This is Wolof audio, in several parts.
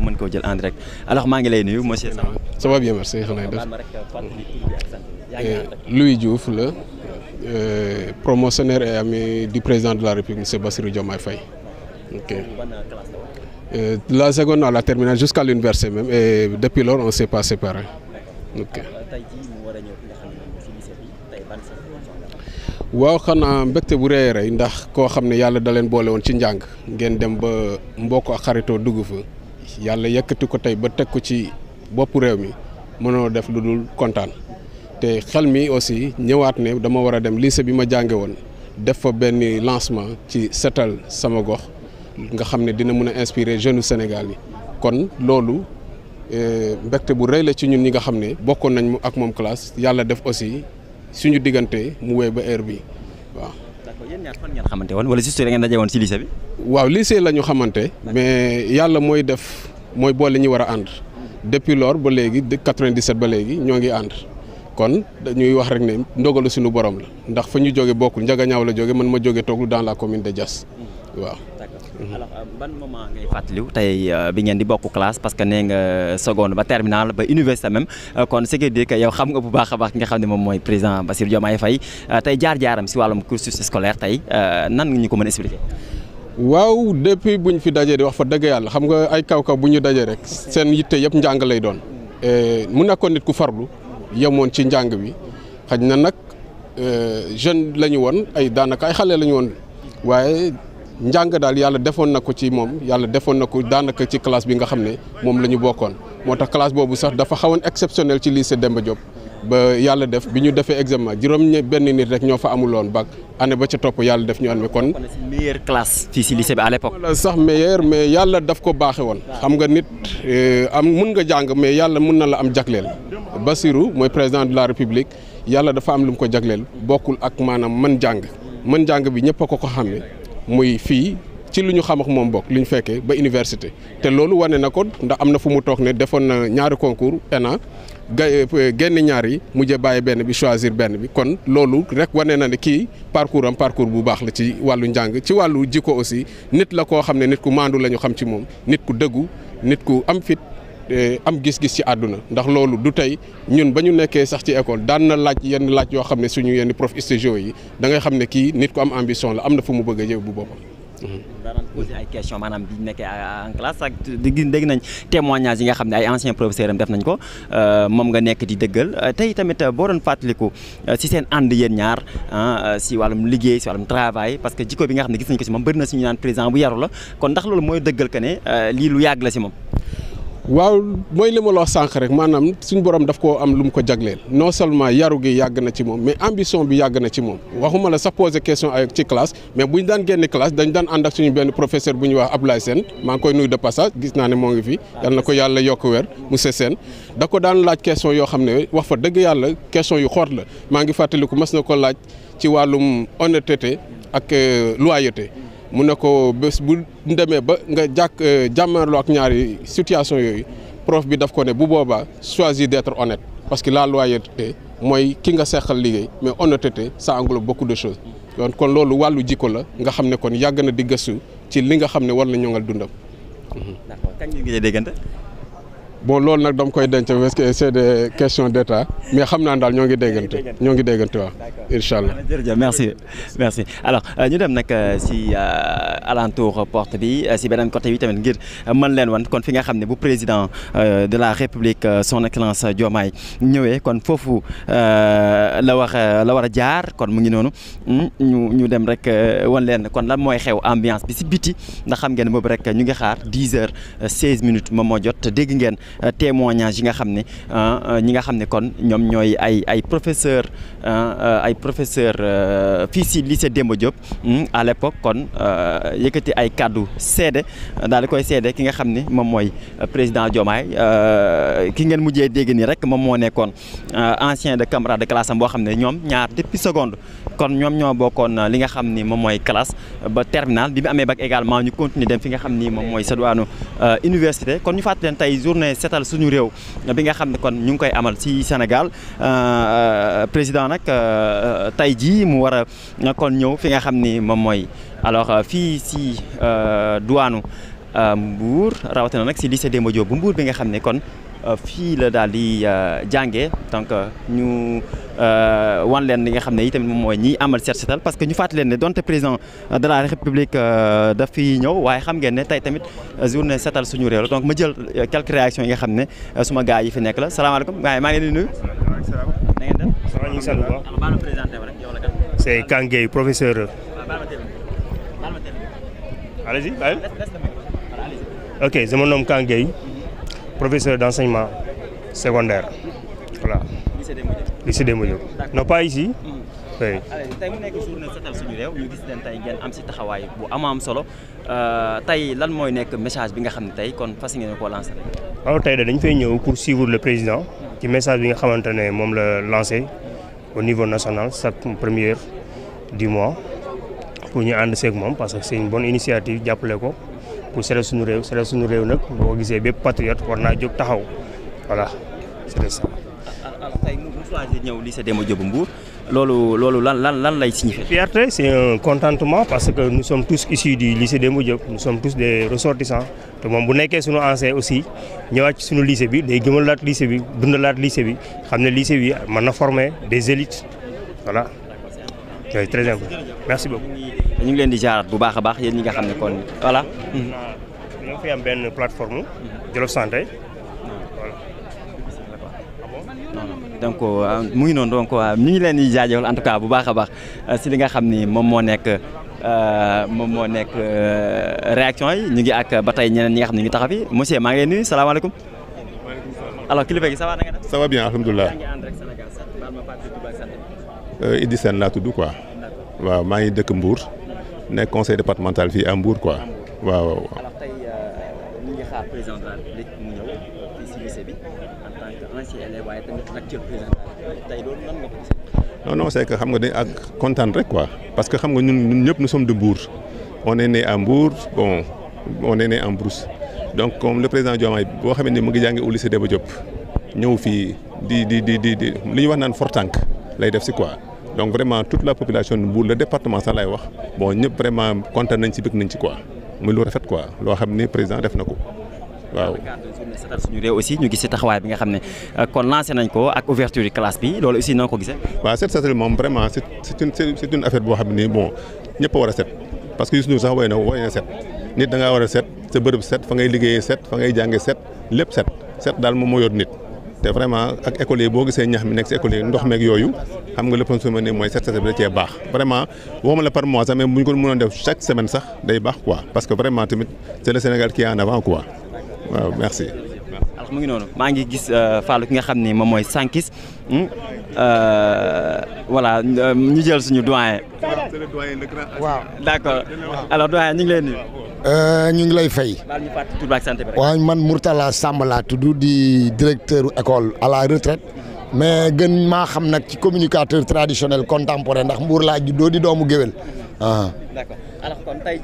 mën koo jël en maa ngi lay nuyu monsieur Sarr. ça va bien merci xanaa def eh, la eh, promotionnaire et ami du président de la République monsieur Bassirou Diomaye Faye. Euh, eh, la seconde à la jusqu'à l'université même et depuis lors on s'est pas séparés. Euh, waaw xanaa mbégte bu rëy rey ndax koo xam ne yàlla da leen boole woon ci njàng ngeen dem ba mbokk ak xaritoo dugg fa yàlla yëkkati ko tey ba teg ko ci bopp réew mi mënoo def lu dul kontaan te xel mi aussi ñëwaat ne dama war a dem lycée bi ma jànge woon def fa benn lancement ci setal sama gox nga xam ne dina mën a inspirer jeunes Sénégal yi kon loolu eh, mbégte bu rëy la ci ñun ñi nga xam ne bokkoon nañ ak moom classe yàlla def aussi suñu diggante mu wéy ba heure bi waaw. d'accord yéen xamante woon wala juste da ngeen daje woon ci lycée waaw lycée la ñu xamante. mais yàlla mooy def mooy boole ñi war a ànd. depuis lors ba léegi de 97 ba léegi ñoo ngi ànd kon dañuy wax rek ne ndogalu suñu borom la ndax fa ñu jóge bokkul Njagañaaw la jóge man ma jóge tooglu dans la commune de Diass mm. waaw. Mm-hmm. alors euh, ban moment ngay fàttaliw tey euh, bi ngeen di bokk classe parce que nee nga euh, seconde ba terminale ba université même kon ce qui dit que xam nga bu baax a baax ki nga xam ne moom mooy président Bassirou Diomaye Faye tey jaar-jaaram si wàll wàllum cursus scolaire tey nan nga ñu ko mën expliquer. waaw depuis bu ñu fi dajee di wax fa dëgg yàlla xam nga ay kaw-kaw bu ñu dajee rek seen yitte yëpp njàng lay doon mu nekkoon nit ku farlu yemoon ci njàng bi xaj na nag jeune la ñu woon ay daanaka ay xale la njàng daal yàlla defoon na ko ci moom yàlla defoon na ko daanaka ci classe bi nga xam ne moom la ñu bokkoon moo tax classe boobu sax dafa xawoon exceptionnel ci lii Demba Diop ba yàlla def bi ñu defee examen juróom benn nit rek ñoo fa amuloon bac année ba ca topp yàlla def ñu amee kon. meilleure classe fii si lycée bi à l'époque. sax meilleure mais yàlla daf ko baaxe woon. xam nga nit euh, am mun nga jàng mais yàlla mun na la am jagleel. Bassirou mooy président de la république yàlla dafa am lu mu ko jagleel bokkul ak maanaam mën jàng mën jàng bi ñëpp a ko ko xamee. muy fii ci lu ñu xam moom bokk li ñu fekkee ba université te loolu wane na ko ndax am na fu mu toog ne defoon na ñaari concours ENA euh, génn genn ñaari mujje bàyyi benn bi choisir benn bi kon loolu rek wane na ni kii parcours am parcours bu baax la ci wàllu njàng ci wàllu jikko aussi nit la koo xam ne nit ku maandu la ñu xam ci moom nit ku dëggu nit ku am fit Eh, am gis-gis ci àdduna ndax loolu du tey ñun ba ñu nekkee sax ci école daan na laaj yenn laaj yoo xam ne suñu yenn prof stégios yi dangay xam ne kii nit ko am ambition la am na fu mu bëgg a jëw bu boppam daan posé maanaam bi nekkee en classe ak dégg nañ témoignage yi nga xam ne ay anciens professeurs am def nañ ko euh, moom nga nekk di dëggal euh, tey tamit euh, boo doon fàttaliku si seen ànd yéen ñaar si wàllum liggéey si wàllum travail parce que jikko bi nga xam ne gis nañ ko si moom bëri na suñu naan président bu yaru la kon ndax loolu mooy dëggal que ne lii lu yàgg la si moom waaw mooy li ma la wax sànq rek maanaam suñu borom daf koo am lu mu ko jagleel non seulement yaru gi yàgg na ci moom mais ambition bi yàgg na ci moom waxuma la sax poser question ay ci classe mais bu ñu daan génne classe dañ daan ànd ak suñu benn professeur bu ñuy wax Abdoulaye Sène maa ngi koy nuyu de passage gis naa ne moo ngi fi yal na ko yàlla yokk weer monsieur Sène da ko daan laaj question yoo xam ne wax fa dëgg yàlla question yu xoot la maa ngi fàttaliku mas na ko laaj ci wàllum honnêteté ak euh, loyauté mu ne ko bés bu demee ba nga jàkk euh, jàmmarloo ak ñaari situation yooyu prof bi daf ko ne bu boobaa choisir d'être honnête parce que la loyauté mooy ki nga seqal liggéey mais honnêteté ça englobe beaucoup de choses yoon kon loolu wàllu jikko la nga xam ne kon yàgg na di gëstu ci li nga xam ne war na ñoŋal dundam. d'accord kañ bon loolu nag dama koy denc parce que c' est des questions d' état mais xam naa daal ñoo ngi déggante ñoo ngi déggante waaw incha allah. jërëjëf alors euh, ñu dem nag euh, si euh, alentour porte bi si beneen côté bi tamit ngir man leen wan kon fi nga xam ne bu président de la république son excellence Diomaye ñëwee kon foofu la war la war a jaar kon mu ngi noonu hmm, ñu ñu dem rek wan leen kon lan mooy xew ambiance bi si biti ndax xam ngeen boobu rek ñu ngi xaar 10 heures 16 minutes moom moo jot dégg ngeen. Euh, témoignage yi nga xam ne euh, ñi nga xam ne kon ñoom ñooy ay ay professeur euh, ay professeur fii si lycée Demba Diop hmm, à l'époque kon yëkkati ay kàddu seede daal di koy seede ki nga xam ni moom mooy président Diomaye ki ngeen mujjee dégg nii rek moom moo nekkoon ancien de camarade de classe am xam ne ñoom ñaar depuis seconde kon ñoom ñoo bokkoon euh, li nga xam ni moom mooy classe euh, ba terminale bi mu amee bac également ñu continuer dem fi nga xam ni moom mooy sa duwaanu euh, université kon ñu fàttali leen tey journée setal suñu réew bi nga xam ne kon ñu ngi koy amal ci Sénégal président nag tey jii mu war a kon ñëw fi nga xam ni moom mooy alors fii ci duwaanu Mbour rawatina nag si lycée Demba Diop bu Mbour bi nga xam ne kon Euh, fii la daal di euh, jàngee donc euh, ñu wan leen li nga xam ne itamit moom mooy ñiy amal set setal parce que ñu fàttali leen ne donte président de république daf fi ñëw waaye xam ngeen ne tey tamit journée setal suñu réew donc ma jël quelques réactions yi nga xam ne suma gars yi fi nekk la salaamaaleykum gars yi maa ngi leen di nuyu. na ngeen def. waaw ñu ngi professeur. Ah, ok je me nomme professeur d'enseignement secondaire. Voilà. Lycée Demba Diop. Non pas ici. Mm. tey mu nekk journée gis leen tey am si taxawaay bu am am solo euh, tey lan mooy nekk message bi nga xam ne tey kon fas ngeen koo lancé rek. waaw tey de dañ fay ñëw pour suivre le président ci message bi nga xamante ne moom la lancé au niveau national chaque première du mois pour ñu ànd seeg moom parce que c'est une initiative jàppale ko. pour seetal suñu réew seetal suñu réew nag boo ko gisee bépp patriote war naa jóg taxaw voilà c'est ça. tey mu choisir ñëw lycée Demba Diop Mbour loolu loolu lan lan lan lay signifier. fierté c'est un contentement parce que nous sommes tous issus du de Demba Diop nous sommes tous des ressortissants te moom bu nekkee suñu ancien aussi ñëwaat ci suñu lycée bi day gëmalaat lycée bi dundalaat lycée bi xam ne lycée bi mën na former des élites voilà. oui très bien merci beaucoup. ñu ngi leen di jaaraat bu baax a baax yéen ñi nga xam ne kon voilà. Hmm. benn plateforme. Jolof Santé. donc euh, mu ngi noonu donc euh, ñu ngi leen di jaajëfal en tout cas bu baax a baax euh, si li nga xam ni moom moo nekk. moom moo nekk réaction yi ñu ngi ak ba tey ñeneen ñi nga xam ne ñu ngi taxaw fi monsieur maa ngi lay nuyu salaamaaleykum. alors kilifa gi ça va na nga def. ça alhamdulilah. Euh, Idi seen laa tudd quoi waaw maa ngi dëkk mbuur nekk conseil départemental fii à Mbour quoi waaw waaw. alors tey euh, ñu de xam nga dañ ak kontaan rek quoi parce que xam nga ñun ñun ñëpp nous sommes de Mbour on est né à Mbour bon on est né en brousse donc comme le président Diomaye boo xamee ni mu ngi jàngi au lycée Demba Diop ñëw fii di di di di di li ñuy wax naan fortank lay def si quoi. donc vraiment toute la population de Mbour le département sax laay wax bon ñëpp vraiment kontaan nañ ci bëgg nañ ci quoi muy lu rafet quoi loo xam ni président def na ko waaw. setal aussi ñu gis ci taxawaay bi nga xam ne euh, kon lancé nañ ko ak ouverture yi classe bi loolu aussi noo ko gisee. waaw set setal moom vraiment c'est une affaire boo xam ne bon ñëpp a war a set parce que Youssou sax woy na woy na set nit da war a set sa bërëb set fa ngay liggéeyee set fa jàngee set lépp set set daal nit. te vraiment ak école yi boo gisee ñax mi nekk si école yi ndox meeg yooyu xam nga lépp su ma ne mooy set set bi da cee baax vraiment waxuma la par mois sax mais bu ñu ko mënoon def chaque semaine sax day baax quoi parce que vraiment tamit c'est Sénégal qui est avant quoi waaw merci. mu ngi noonu maa ngi gis euh, Fallou ki nga xam ni moom mooy Sankis hmm? euh, voilà euh, ñu jël suñu doyen. waaw c'est le doyen le grand. waaw d'accord alors doyen ñu ngi leen nuyu. Euh, ñu ngi lay fay. waaw man Mourtala Samb laa tudd di directeur école à la retraite mais gën maa xam nag ci communicateur traditionnel contemporain ndax mbuur laa doo di doomu géwél. Ah. d'accord kon euh, tey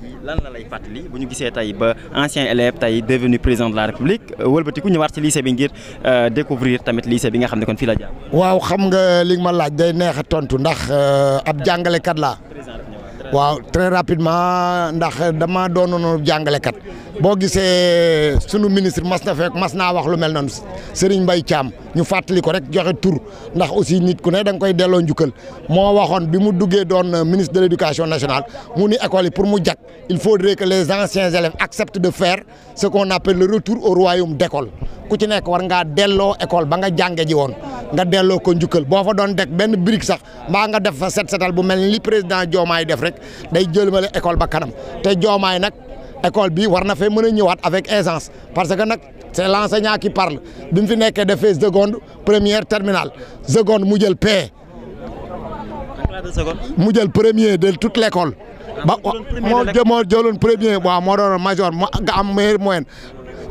jii lan la lay fàttali bu ñu gisee tey ba ancien élève tey devenu président de la république euh, wëlbatiku ñëwaat ci lycée bi ngir découvrir tamit lycée bi nga xam ne kon fii la jaar. waaw xam nga li ma laaj day neex a tontu ndax ab jàngalekat la waaw très rapidement ndax dama doonoon jàngalekat boo gisee sunu ministre mas na fekk mas naa wax lu mel noonu Serigne Mbaye Thiam ñu fàttali ko rek joxe tur ndax aussi nit ku ne da nga koy delloo njukkal moo waxoon bi mu duggee doon ministre de l' éducation nationale mu ni école yi pour mu jag il faudrait que les anciens élèves acceptent de faire ce qu'on appelle le retour au royaume d' ku ci nekk war ngaa delloo école ba nga jànge ji woon nga delloo ko njukal boo fa doon deg benn brique sax mbaa nga def fa set setal bu mel ni li président Diomaye def rek day jëlmale école ba kanam te école bii war na fee mën a ñëwaat avec aisance parce que nag c' est l' enseignant qui parle bi mu fi nekkee defee seconde première terminal seconde mu jël P. mu jël premier de toute l' école. ba moo moo jëloon premier waaw moo doon major mu nga am meilleure moyenne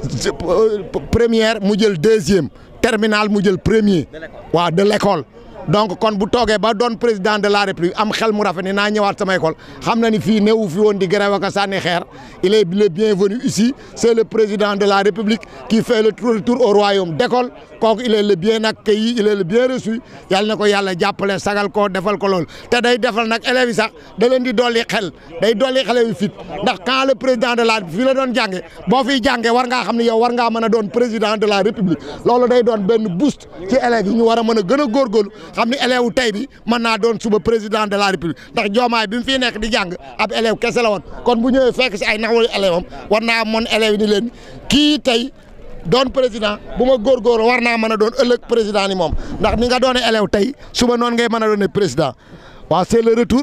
euh, première mu jël deuxième terminal mu jël premier. waa de l' donc kon bu toogee ba doon président de la république am xel mu rafet ni naa ñëwaat sama école xam na ni fii néewu fi woon di grève ak sànni xeer il est le bien ici c' est le président de la république qui fait le tour au royaume d' école kooku il est le bien accueilli il est yàlla na ko yàlla jàppale sagal ko defal ko lool te day defal nag élèves yi sax da leen di dolli xel day dolli xale yu fit ndax quand le président de la république fi la doon jànge boo fiy jànge war ngaa xam ne yow war ngaa mën a doon président de la république loolu day doon benn boost ci élèves war a mën gën a xam ni élève wu tey bi mën naa doon suba président de la république ndax joomaay bi mu fi nekk di jàng ab élève kese la woon kon bu ñëwee fekk si ay naxawalu élève am wan naa mën élève ni leen kii tey doon président bu ma góorgóorlu war naa mën a doon ëllëg président ni moom ndax ni nga doone élève tey suba noonu ngay mën a doone président waa c'est le retour